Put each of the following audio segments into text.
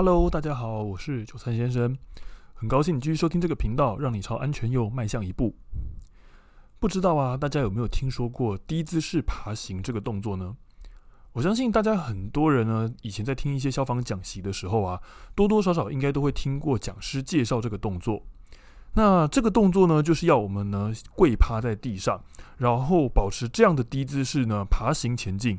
Hello，大家好，我是九三先生，很高興你繼續收聽這個頻道，讓你朝安全又邁向一步。不知道啊，大家有沒有聽說過低姿勢爬行這個動作呢？我相信大家很多人呢，以前在聽一些消防講習的時候啊，多多少少應該都會聽過講師介紹這個動作。那這個動作呢，就是要我們呢跪趴在地上，然後保持這樣的低姿勢呢爬行前進。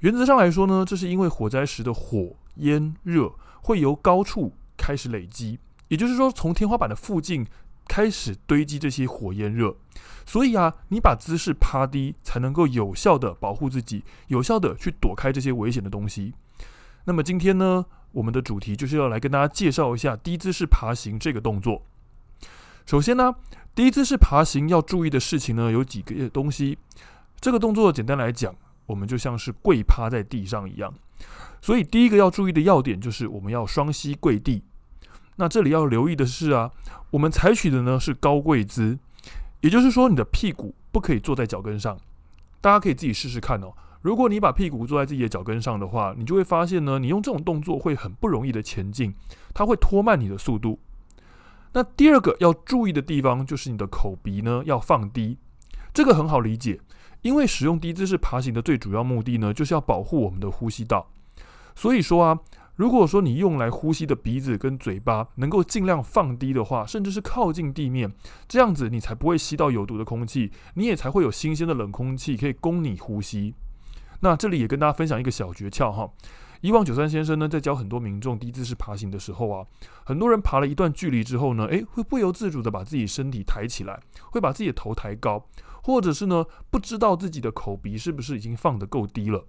原則上來說呢，這是因為火災時的火。煙熱會由高處開始累積，也就是說，從天花板的附近開始堆積這些火焰熱。所以啊，你把姿勢趴低，才能夠有效的保護自己，有效的去躲開這些危險的東西。那麼今天呢，我們的主題就是要來跟大家介紹一下低姿勢爬行這個動作。首先呢、啊，低姿勢爬行要注意的事情呢有幾個東西。這個動作簡單來講，我們就像是跪趴在地上一樣，所以第一個要注意的要點就是我們要雙膝跪地。那這裡要留意的是啊，我們採取的呢是高跪姿，也就是說你的屁股不可以坐在腳跟上。大家可以自己試試看哦，如果你把屁股坐在自己的腳跟上的話，你就會發現呢，你用這種動作會很不容易的前進，它會拖慢你的速度。那第二個要注意的地方就是你的口鼻呢要放低，這個很好理解。因為使用低姿勢爬行的最主要目的呢，就是要保護我們的呼吸道。所以說啊，如果說你用來呼吸的鼻子跟嘴巴能夠儘量放低的話，甚至是靠近地面，這樣子你才不會吸到有毒的空氣，你也才會有新鮮的冷空氣可以供你呼吸。那這裡也跟大家分享一個小訣竅哈。以往九三先生呢，在教很多民眾低姿勢爬行的時候啊，很多人爬了一段距離之後呢，誒，會不由自主地把自己身體抬起來，會把自己的頭抬高。或者是呢，不知道自己的口鼻是不是已經放得夠低了？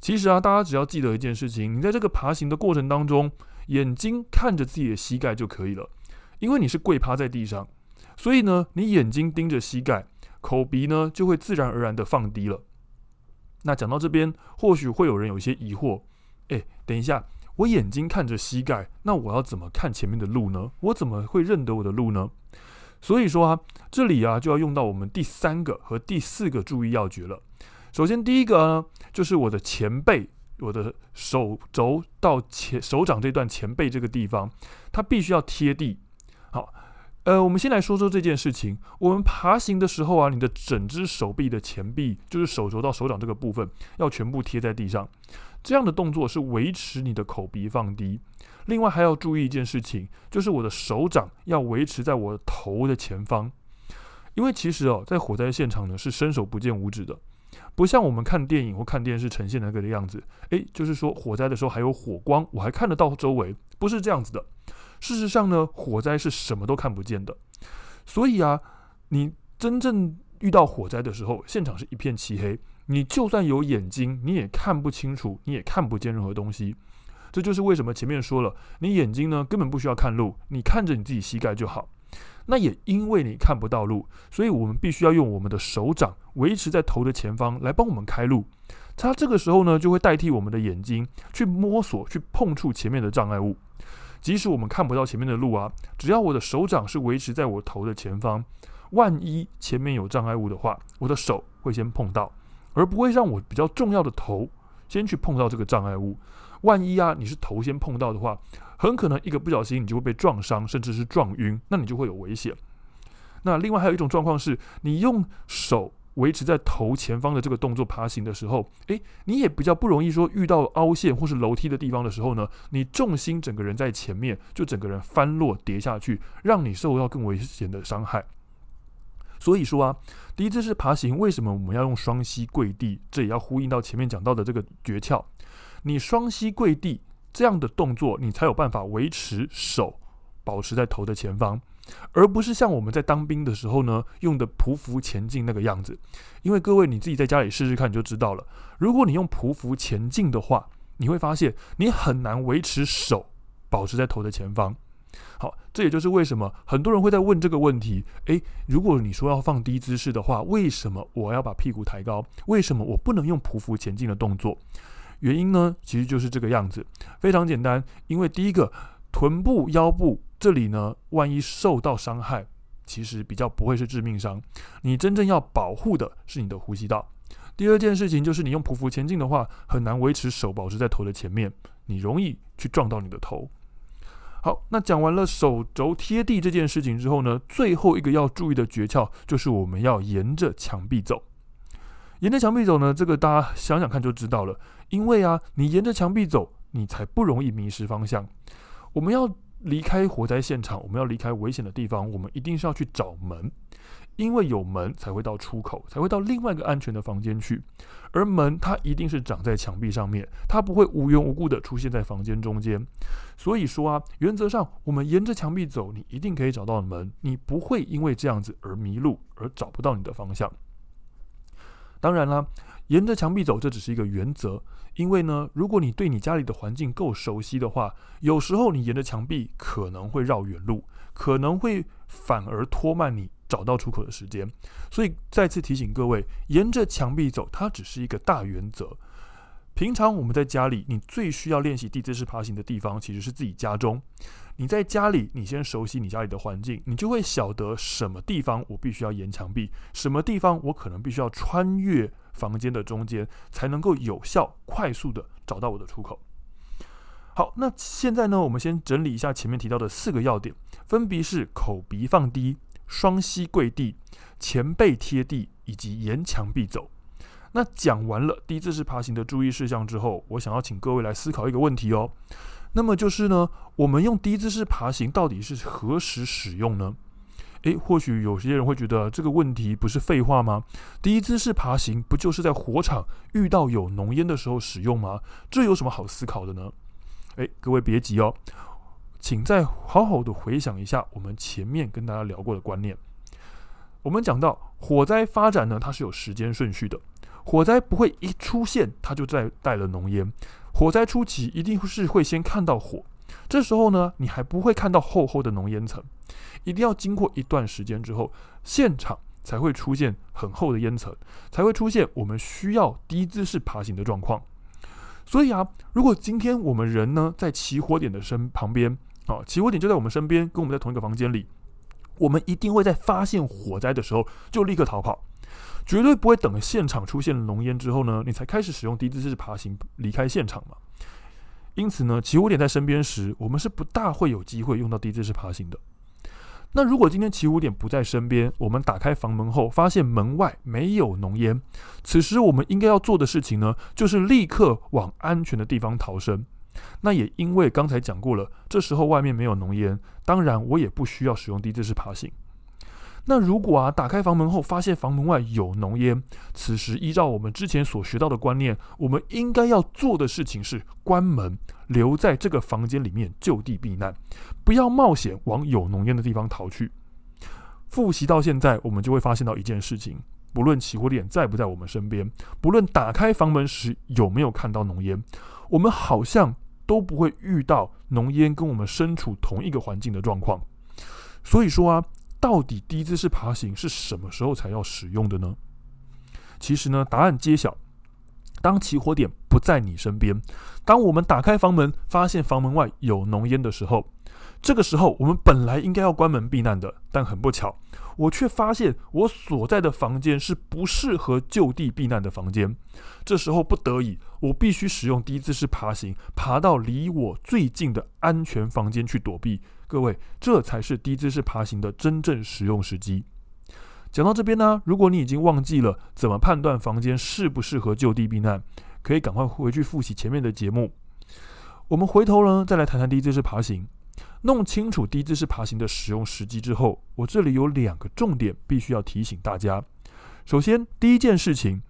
其實啊，大家只要記得一件事情：你在這個爬行的過程當中，眼睛看着自己的膝蓋就可以了，因為你是跪趴在地上，所以呢，你眼睛盯着膝蓋，口鼻呢就會自然而然的放低了。那講到這邊，或許會有人有一些疑惑：誒，等一下，我眼睛看着膝蓋，那我要怎麼看前面的路呢？我怎麼會認得我的路呢？所以說啊，這裡啊就要用到我們第三個和第四個注意要訣了。首先，第一個呢就是我的前臂，我的手肘到前手掌這段前臂這個地方，它必須要貼地，好。呃，我們先來說說這件事情。我們爬行的時候啊，你的整隻手臂的前臂，就是手肘到手掌這個部分，要全部貼在地上。這樣的動作是維持你的口鼻放低。另外還要注意一件事情，就是我的手掌要維持在我的頭的前方。因為其實哦，在火災現場呢是伸手不見五指的，不像我們看電影或看電視呈現那個的樣子。哎，就是說火災的時候還有火光，我還看得到周圍，不是這樣子的。事實上呢，火災是什麼都看不見的。所以啊，你真正遇到火災的時候，現場是一片漆黑。你就算有眼睛，你也看不清楚，你也看不見任何東西。這就是為什麼前面說了，你眼睛呢根本不需要看路，你看着你自己膝蓋就好。那也因為你看不到路，所以我們必須要用我們的手掌維持在頭的前方來幫我們開路。它這個時候呢，就會代替我們的眼睛去摸索、去碰觸前面的障礙物。即使我們看不到前面的路啊，只要我的手掌是維持在我頭的前方，萬一前面有障礙物的話，我的手會先碰到，而不會讓我比較重要的頭先去碰到這個障礙物。萬一啊，你是頭先碰到的話，很可能一個不小心你就會被撞傷，甚至是撞暈，那你就會有危險。那另外還有一種狀況是，你用手。維持在頭前方的這個動作，爬行的時候，哎，你也比較不容易說遇到凹陷或是樓梯的地方的時候呢，你重心整個人在前面，就整個人翻落跌下去，讓你受到更危險的傷害。所以說啊，低姿勢爬行，為什麼我們要用雙膝跪地？這也要呼應到前面講到的這個訣竅，你雙膝跪地這樣的動作，你才有辦法維持手保持在頭的前方。而不是像我們在當兵的時候呢，用的匍匐前進那個樣子，因為各位你自己在家裡試試看，你就知道了。如果你用匍匐前進的話，你會發現你很難維持手保持在頭的前方。好，這也就是為什麼很多人會在問這個問題：誒、欸，如果你說要放低姿勢的話，為什麼我要把屁股抬高？為什麼我不能用匍匐前進的動作？原因呢其實就是這個樣子，非常簡單，因為第一個臀部、腰部。這裡呢，萬一受到傷害，其實比較不會是致命傷。你真正要保護的是你的呼吸道。第二件事情就是，你用匍匐前進的話，很難維持手保持在頭的前面，你容易去撞到你的頭。好，那講完了手肘貼地這件事情之後呢，最後一個要注意的訣竅就是，我們要沿着牆壁走。沿着牆壁走呢，這個大家想想看就知道了，因為啊，你沿着牆壁走，你才不容易迷失方向。我們要，離開火災現場，我們要離開危險的地方，我們一定是要去找門，因為有門才會到出口，才會到另外一個安全的房間去。而門它一定是長在牆壁上面，它不會無緣無故的出現在房間中間。所以說啊，原則上我們沿着牆壁走，你一定可以找到門，你不會因為這樣子而迷路，而找不到你的方向。當然啦，沿着牆壁走，這只是一個原則。因為呢，如果你對你家裡的環境夠熟悉的話，有時候你沿着牆壁可能會繞遠路，可能會反而拖慢你找到出口的時間。所以再次提醒各位，沿着牆壁走，它只是一個大原則。平常我們在家裡，你最需要練習低姿勢爬行的地方，其實是自己家中。你在家裡，你先熟悉你家裡的環境，你就會曉得什麼地方我必須要沿牆壁，什麼地方我可能必須要穿越房間的中間，才能夠有效、快速的找到我的出口。好，那現在呢，我們先整理一下前面提到的四個要點，分別是口鼻放低、雙膝跪地、前背貼地以及沿牆壁走。那講完了低姿勢爬行的注意事項之後，我想要請各位來思考一個問題哦。那麼就是呢，我們用低姿勢爬行到底是何時使用呢？欸，或許有些人會覺得這個問題不是廢話嗎？低姿勢爬行不就是在火場遇到有濃煙的時候使用嗎？這有什麼好思考的呢？欸，各位別急哦，請再好好的回想一下我們前面跟大家聊過的觀念。我們講到火災發展呢，它是有時間順序的。火災不會一出現，它就在帶了濃煙。火災初期一定是會先看到火，這時候呢，你還不會看到厚厚的濃煙層，一定要經過一段時間之後，現場才會出現很厚的煙層，才會出現我們需要低姿勢爬行的狀況。所以啊，如果今天我們人呢，在起火點的身旁邊，啊，起火點就在我們身邊，跟我們在同一個房間裡，我們一定會在發現火災的時候，就立刻逃跑。絕對不會等現場出現濃煙之後呢，你才開始使用低姿勢爬行離開現場嘛。因此呢，起火點在身邊時，我們是不大會有機會用到低姿勢爬行的。那如果今天起火點不在身邊，我們打開房門後發現門外沒有濃煙，此時我們應該要做的事情呢，就是立刻往安全的地方逃生。那也因為剛才講過了，這時候外面沒有濃煙，當然我也不需要使用低姿勢爬行。那如果啊，打開房門後發現房門外有濃煙，此時依照我們之前所學到的觀念，我們應該要做的事情是關門，留在這個房間裡面就地避難，不要冒險往有濃煙的地方逃去。複習到現在，我們就會發現到一件事情：不論起火點在不在我們身邊，不論打開房門時有沒有看到濃煙，我們好像都不會遇到濃煙跟我們身處同一個環境的狀況。所以說啊。到底低姿勢爬行是什麼時候才要使用的呢？其實呢，答案揭曉：當起火點不在你身邊，當我們打開房門發現房門外有濃煙的時候，這個時候我們本來應該要關門避難的，但很不巧，我卻發現我所在的房間是不適合就地避難的房間。這時候不得已，我必須使用低姿勢爬行，爬到離我最近的安全房間去躲避。各位，這才是低姿勢爬行的真正使用時機。講到這邊呢、啊，如果你已經忘記了怎麼判斷房間適不適合就地避難，可以趕快回去複習前面的節目。我們回頭呢，再來談談低姿勢爬行。弄清楚低姿勢爬行的使用時機之後，我這裡有兩個重點必須要提醒大家。首先，第一件事情，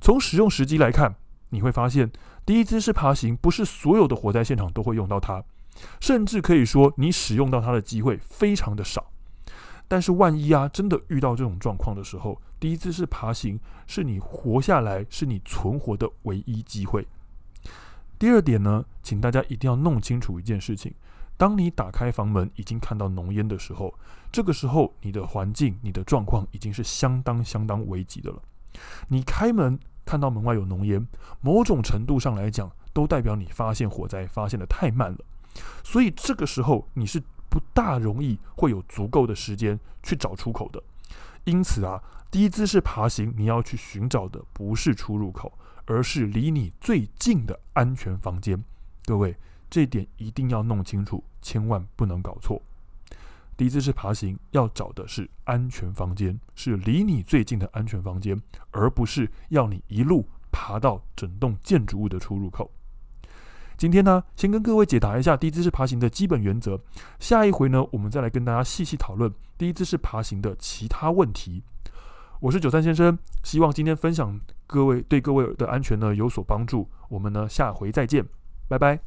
從使用時機來看，你會發現，低姿勢爬行不是所有的火災現場都會用到它。甚至可以說，你使用到它的機會非常的少。但是，萬一啊，真的遇到這種狀況的時候，低姿勢爬行，是你活下來，是你存活的唯一機會。第二點呢，請大家一定要弄清楚一件事情：當你打開房門，已經看到濃煙的時候，這個時候你的環境、你的狀況已經是相當相當危急的了。你開門看到門外有濃煙，某種程度上來講，都代表你發現火災發現得太慢了。所以這個時候你是不大容易會有足夠的時間去找出口的。因此啊，低姿勢爬行，你要去尋找的不是出入口，而是離你最近的安全房間。各位，這點一定要弄清楚，千萬不能搞錯。低姿勢爬行要找的是安全房間，是離你最近的安全房間，而不是要你一路爬到整棟建築物的出入口。今天呢，先跟各位解答一下低姿勢爬行的基本原則。下一回呢，我們再來跟大家細細討論低姿勢爬行的其他問題。我是九三先生，希望今天分享各位，對各位的安全呢有所幫助。我們呢，下回再見，拜拜。